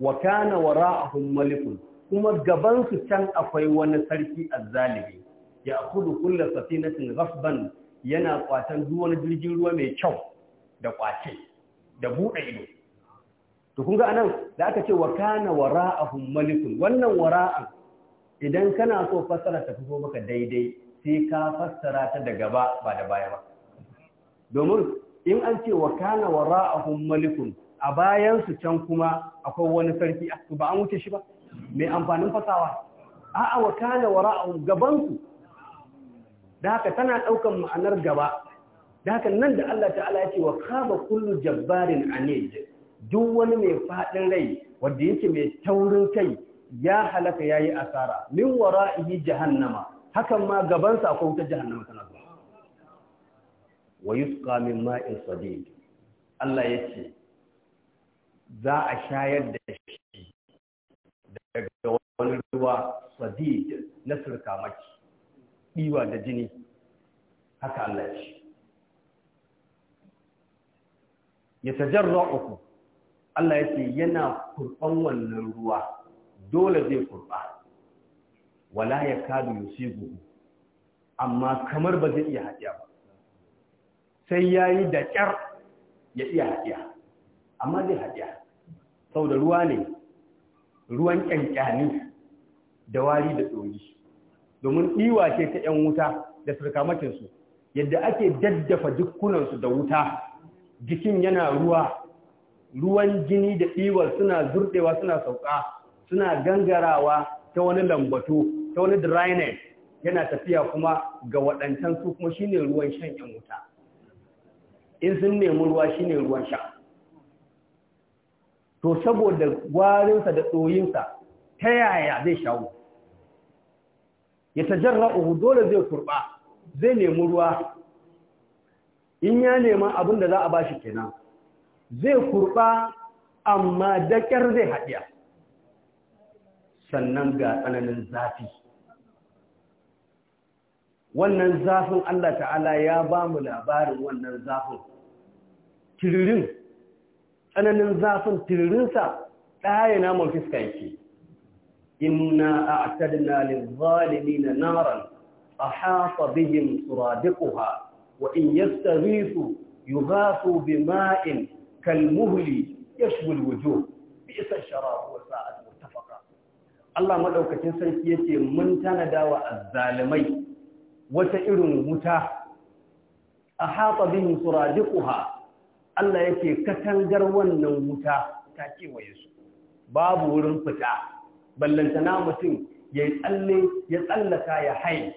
wa kana wara'ahum malikun kuma gaban su can akwai wani sarki azzalimi ya akudu kulla safinatin ghasban yana kwatan duk wani jirgin ruwa mai kyau da kwace da bude ido to kun ga anan da aka ce wa kana wara'ahum malikun wannan wara'an idan kana so fassara ta fito maka daidai sai ka fassara ta da gaba ba da baya ba domin in an ce wa kana wara'ahum malikun a bayan su can kuma akwai wani sarki ah, ba an wuce shi ba mai amfanin fasawa a'a wa wara wara'u gaban su da haka tana daukan ma'anar gaba da haka nan da Allah ta'ala ya ce wa kama kullu jabbarin ne duk wani mai faɗin rai wanda yake mai taurin kai ya halaka ya yi asara min wara'ihi jahannama hakan ma gaban sa akwai wuta jahannama tana zuwa wa yusqa min ma'in sadid Allah ya ce za a shayar da shi daga wani ruwa sadid na maki ɗiwa da jini haka Allah shi ya tajar uku Allah ya ce yana kurban wannan ruwa dole zai kurba wala ya kadu yusigu amma kamar ba zai iya haɗiya ba sai ya yi da ƙyar ya iya haɗiya amma zai haɗiya sau da ruwa ne ruwan ƙyanƙyani da wari da ɗoyi domin ɗiwa ce ta ‘yan wuta da surkamakinsu yadda ake daddafa dukkunansu da wuta jikin yana ruwa ruwan jini da ɗiwar suna zurɗewa suna sauka suna gangarawa ta wani lambatu ta wani dryness yana tafiya kuma ga waɗancan su kuma shine ruwan shan ‘yan wuta in sun nemi ruwa shine ruwan sha to saboda gwarinsa da tsoyinsa ta yaya zai shawo ya tajarra uku dole zai kurba zai nemi ruwa in ya nema abin da za a ba shi kenan zai kurba amma dakar zai haɗiya sannan ga tsananin zafi wannan zafin Allah ta'ala ya ba mu labarin wannan zafin kiririn tsananin zafin tiririnsa ɗaya naman fiska yake inna a'tadna na zalimin naran ahata bihin suradiquha wa in yastaghithu yughathu bima'in kalmuhli yashwi al-wujuh bi'sa ash-sharab wa sa'at muttafaqa Allah madaukakin sarki yake mun tanadawa azzalimai wata irin wuta ahata bihin suradiquha Allah yake katangar wannan wuta ta kewaye su babu wurin fita ballantana mutum ya tsalle ya tsallaka ya hai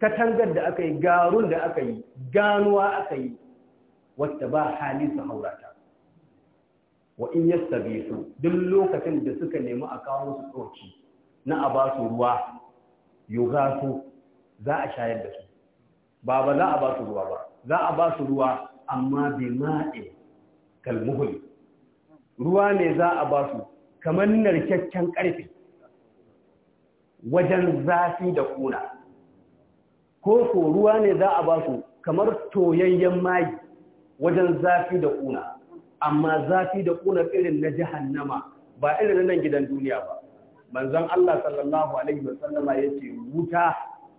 katangar da aka yi garun da aka yi ganuwa aka yi wata ba hali su haurata wa in yasta su duk lokacin da suka nemi a kawo su tsoci na a ba su ruwa yoga su za a shayar da su ba ba za a ba su ruwa ba za a ba su ruwa amma bi ma'e kalmuhul ruwa ne za a ba su kamar narkakken ƙarfe wajen zafi da ƙuna ko ko ruwa ne za a ba su kamar toyayyen mai wajen zafi da ƙuna amma zafi da ƙuna irin na jahannama ba irin nan gidan duniya ba manzon Allah sallallahu alaihi wasallama yace wuta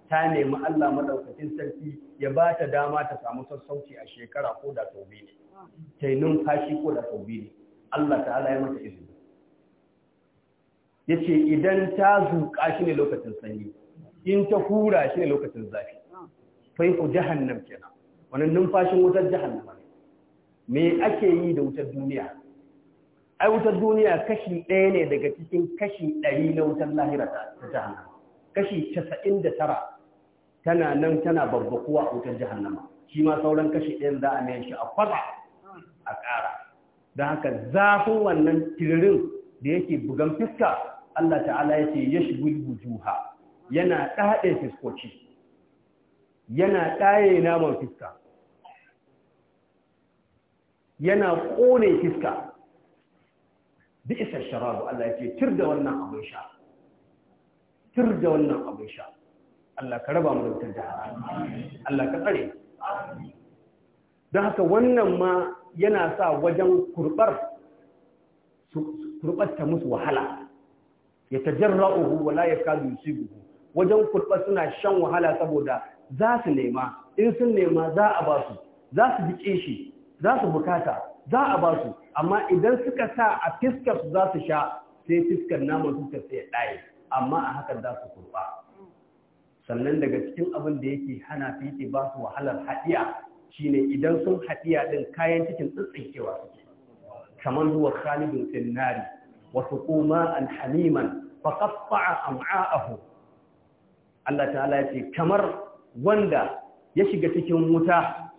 ta nemi Allah madaukakin sarki ya ba ta dama ta samu sassauci a shekara ko da taubi ne ta yi numfashi ko da taubi ne Allah ta'ala ya mata izini ya ce idan ta zuƙa shi ne lokacin sanyi in ta hura shi ne lokacin zafi fai ku jahannam kenan wani numfashin wutar jahannama ne me ake yi da wutar duniya ai wutar duniya kashi ɗaya ne daga cikin kashi ɗari na wutar lahira ta jahannama kashi casa'in da tara tana nan tana kowa a wutar jahannama shi ma sauran kashe ɗayan za a mayar shi a kwaba a ƙara don haka zafin wannan tiririn da yake bugan fiska Allah ta'ala ya ce ya shigul wujuha yana ɗaɗe fiskoci yana ɗaye naman fiska yana ƙone fiska bi isar sharabu Allah ya ce tir da wannan abin sha tir da wannan abin sha Allah ka raba mu da wutar Allah ka tsare don haka wannan ma yana sa wajen kurbar kurbar ta musu wahala ya tajarra'uhu wala yakadu buhu wajen kurbar suna shan wahala saboda za su nema in sun nema za a ba su za su ji shi za su bukata za a ba su amma idan suka sa a fiskar su za su sha sai fiskar naman suka sai ɗaya amma a haka za su kurba sannan daga cikin abin da yake hana su yake ba su wahalar haɗiya shine idan sun haɗiya ɗin kayan cikin tsitsinkewa suke kamar zuwa khalidun Sinari, wasu kuma an haliman faƙaɓa am'a'ahu Allah ta'ala ya kamar wanda ya shiga cikin wuta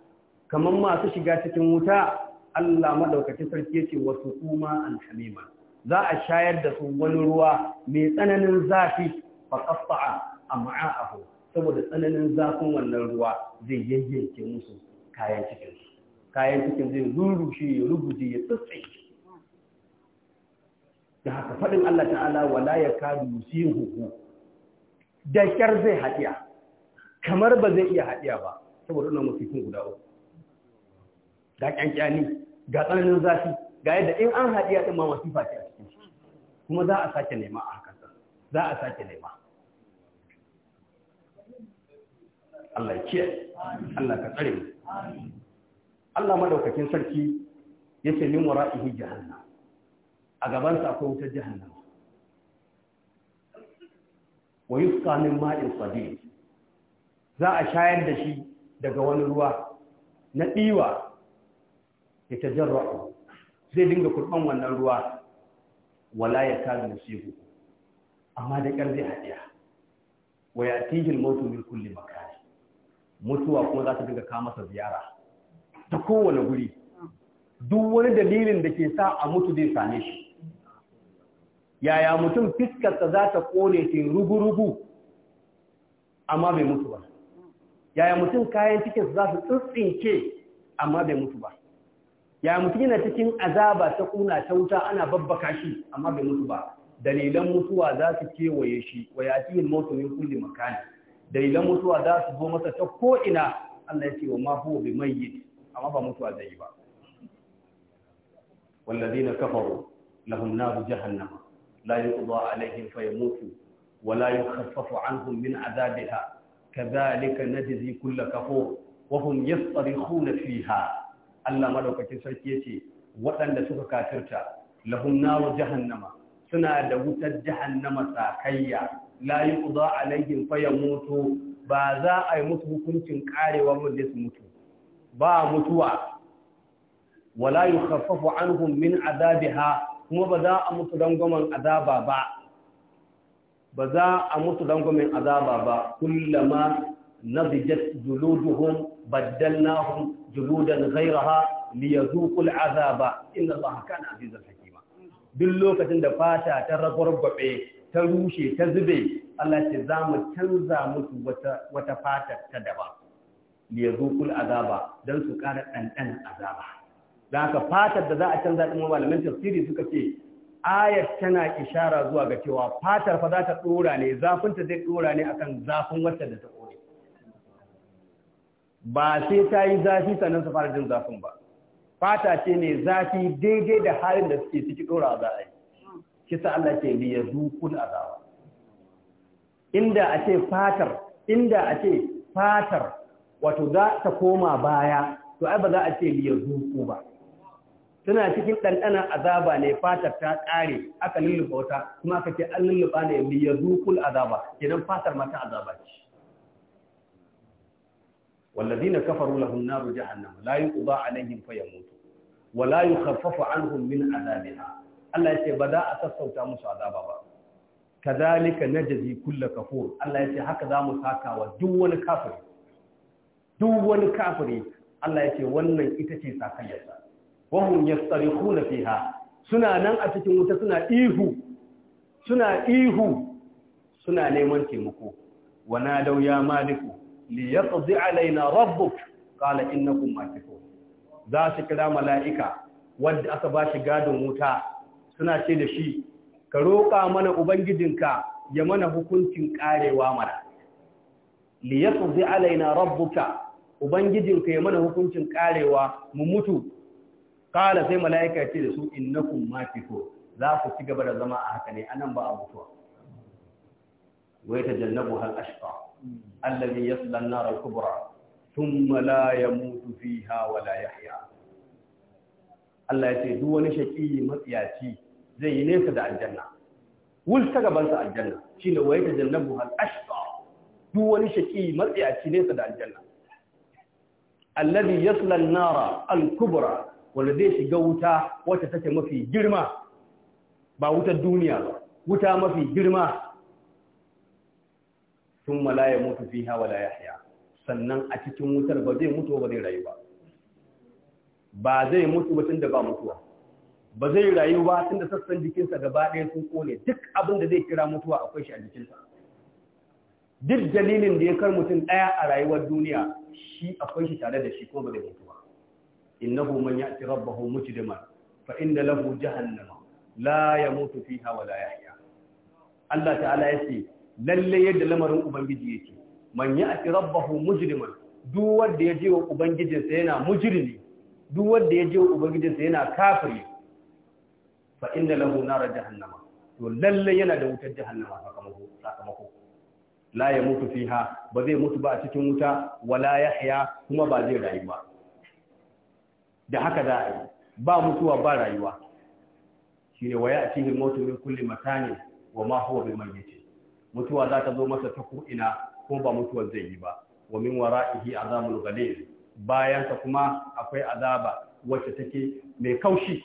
kamar masu shiga cikin wuta Allah maɗaukacin sarki ya ce wasu kuma an hamiman za a shayar da su wani ruwa mai tsananin zafi faƙaɓa am'a'ahu saboda tsananin zafin wannan ruwa zai yayyanke musu kayan cikin su kayan cikin zai rurushe ya rubuje ya tsitsi da haka faɗin Allah ta'ala wala ya kadu yusihu da kyar zai haɗiya kamar ba zai iya haɗiya ba saboda wannan musifin guda uku ga kyankyani ga tsananin zafi ga yadda in an haɗiya ɗin ma masifa ce a cikin kuma za a sake nema a hakan za a sake nema Allah ya kiyaye Allah ka tsare mu Allah madaukakin sarki yace min wara'ihi jahannam a gaban sa akwai wutar jahannam wa yusqa min ma'in sadid za a shayar da shi daga wani ruwa na diwa ya tajarra'u zai dinga kurban wannan ruwa wala ya kadu nasihu amma da ƙar zai haɗiya wa ya tihil mautu min kulli makan mutuwa kuma za ta dinga kawo masa ziyara ta kowane guri duk wani dalilin da ke sa a mutu zai same shi yaya mutum fiskarsa za ta kone ta rugu-rugu amma bai mutu ba yaya mutum kayan cikinsa za su tsintsinke amma bai mutu ba yaya mutum yana cikin azaba ta kuna ta wuta ana babbaka shi amma bai mutu ba dalilan mutuwa za su kewaye shi wa yaƙi yin mutu kulle makani dalilan mutuwa za su zo masa ta ko'ina Allah ya ce wa mahu bi yi. amma ba mutuwa zai yi ba wallazina kafaru lahum naru jahannama la yuqda alaihim fayamutu wa la yukhaffafu anhum min azabiha kadhalika najzi kull kafur wa hum yastarihuna fiha Allah madaukakin sarki yace waɗanda suka kafirta lahum naru jahannama suna da wutar jahannama sakayya a yuqda alaihim mutu ba za a yi mutu hukuncin karewa mun su mutu ba mutuwa wala yukhaffafu anhum min azabiha kuma ba za a mutu rangwamen azaba ba ba za a mutu rangwamen azaba ba kullama nadijat juluduhum baddalnahum juludan ghayraha liyazuqul azaba inna allaha kana azizan hakima duk lokacin da fata ta ragwargwabe ta rushe ta zube Allah ce za mu canza musu wata fata ta daba. daban liya zukul azaba don su ƙara ɗanɗan azaba da ka fatar da za a canza ɗin malaman tafsiri suka ce ayat tana ishara zuwa ga cewa fatar fa za ta ɗora ne zafinta zai ɗora ne akan zafin wata da ta ƙone ba sai ta yi zafi sannan su fara jin zafin ba fata ce ne zafi daidai da halin da suke ciki ɗora za a yi kisa Allah ke li yazuqul azaba inda a ce fatar inda a ce fatar wato za ta koma baya to ai ba za a ce li duku ba suna cikin ɗanɗanan azaba ne fatar ta ƙare aka lulluɓa wata kuma aka ce an lulluɓa ne li yazuqul azaba kenan fatar ma ta azaba ce والذين كفروا لهم نار جهنم لا يقضى عليهم فيموتوا ولا يخفف عنهم من عذابها Allah ya ce ba za a sassauta musu azaba ba kazalika najzi kullu kafur Allah ya ce haka za mu saka wa duk wani kafiri duk wani kafiri Allah ya ce wannan ita ce sakayyarsa wa hum yastarikhuna fiha suna nan a cikin wuta suna ihu suna ihu suna neman taimako wa nadaw ya maliku li yaqdi alaina rabbuk qala innakum makithun za su kira mala'ika wanda aka ba shi gadon wuta suna ce da shi ka roƙa mana ubangijinka ya mana hukuncin ƙarewa mana liyaqdi alaina rabbuka ubangijinka ya mana hukuncin ƙarewa mu mutu qala sai malaika ce da su innakum mafiko za ku ci gaba da zama a haka ne anan ba a mutuwa wai ta jannabu hal ashqa allazi yasla nar al-kubra thumma la yamutu fiha wa yahya Allah ya ce duk wani shaqi matsiyaci zai yi nesa da aljanna wul ta gabansa aljanna shi ne waye ta jannabu hal ashqa Du wani shaki matsayaci nesa da aljanna alladhi yasla an-nara al-kubra wanda zai shiga wuta wacce take mafi girma ba wutar duniya ba wuta mafi girma thumma ya mutu fiha wa la yahya sannan a cikin wutar ba zai mutu ba zai rayu ba ba zai mutu ba da ba mutuwa ba zai rayu ba tunda sassan jikinsa gaba ɗaya sun kone duk abin da zai kira mutuwa akwai shi a jikinsa duk dalilin da ya kar mutum ɗaya a rayuwar duniya shi akwai shi tare da shi ko ba da mutuwa innahu man ya'ti rabbahu mujriman fa inna lahu jahannama la yamutu fiha wa la yahya Allah ta'ala yace lalle yadda lamarin ubangiji yake man ya'ti rabbahu mujriman duk wanda ya je wa ubangijinsa yana mujrimi duk wanda ya je wa ubangijinsa yana kafiri fa inna lahu nara jahannama to lalle yana da wutar jahannama sakamako sakamako la ya mutu fiha ba zai mutu ba a cikin wuta wala yahya kuma ba zai rayu ba da haka za ba mutuwa ba rayuwa shine waya a cikin mautu min kulli matani wa ma huwa bimayyit mutuwa za ta zo masa ta ko'ina ko ba mutuwar zai yi ba wa min wara'ihi azabul ghalil bayan ka kuma akwai azaba wacce take mai kaushi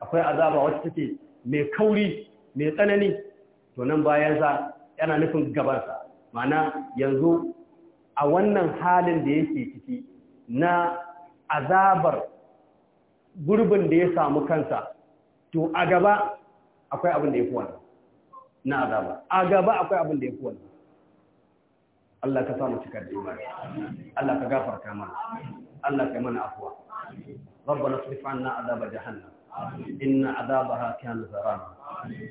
akwai azaba wacce take mai kauri mai tsanani to nan bayan sa yana nufin gabansa ma'ana yanzu a wannan halin da yake ciki na azabar gurbin da ya samu kansa to a gaba akwai abin da ya fi na azaba a gaba akwai abin da ya fi Allah ka samu cikar da imani Allah ka gafarta mana Allah ka yi mana afuwa ربنا اصرف عنا عذاب جهنم إن عذابها كان غراما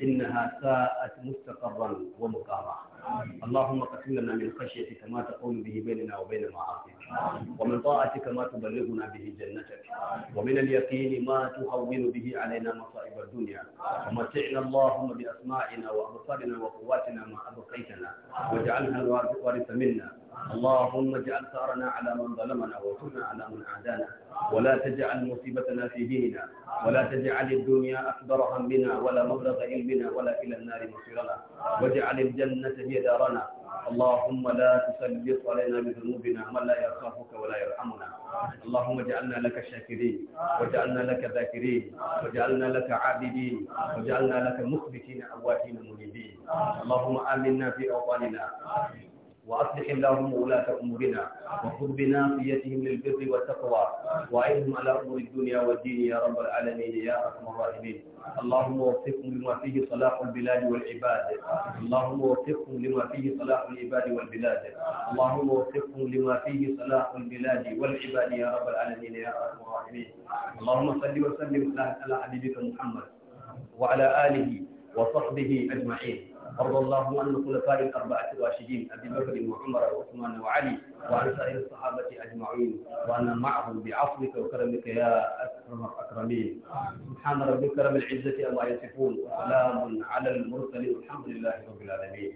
إنها ساءت مستقرا ومقاما اللهم قسم لنا من خشيتك ما تقوم به بيننا وبين معاصيك ومن طاعتك ما تبلغنا به جنتك ومن اليقين ما تهون به علينا مصائب الدنيا ومتعنا اللهم بأسماعنا وأبصارنا وقواتنا ما أبقيتنا واجعلنا الوارث منا اللهم اجعل ثارنا على من ظلمنا وانصرنا على من عادانا ولا تجعل مصيبتنا في ديننا ولا تجعل الدنيا أكبر همنا ولا مبلغ علمنا ولا إلى النار مصيرنا واجعل الجنة هي دارنا اللهم لا تسلط علينا بذنوبنا من لا يخافك ولا يرحمنا اللهم اجعلنا لك شاكرين وجعلنا لك ذاكرين وجعلنا لك عابدين وجعلنا لك مخبتين أواتين منيبين اللهم آمنا في أوطاننا وأصلح اللهم ولاة أمورنا وخذ بناصيتهم للبر والتقوى وأعينهم على أمور الدنيا والدين يا رب العالمين يا أرحم الراحمين اللهم وفقهم لما فيه صلاح البلاد والعباد اللهم وفقهم لما فيه صلاح العباد والبلاد اللهم وفقهم لما فيه صلاح البلاد والعباد يا رب العالمين يا أرحم الراحمين اللهم صل وسلم على حبيبك محمد وعلى آله وصحبه أجمعين وارض اللهم عن الخلفاء الاربعه الراشدين ابي بكر وعمر وعثمان وعلي وعن سائر الصحابه اجمعين وعنا معهم بعفوك وكرمك يا اكرم الاكرمين سبحان ربك رب العزه عما يصفون وسلام على المرسلين والحمد لله رب العالمين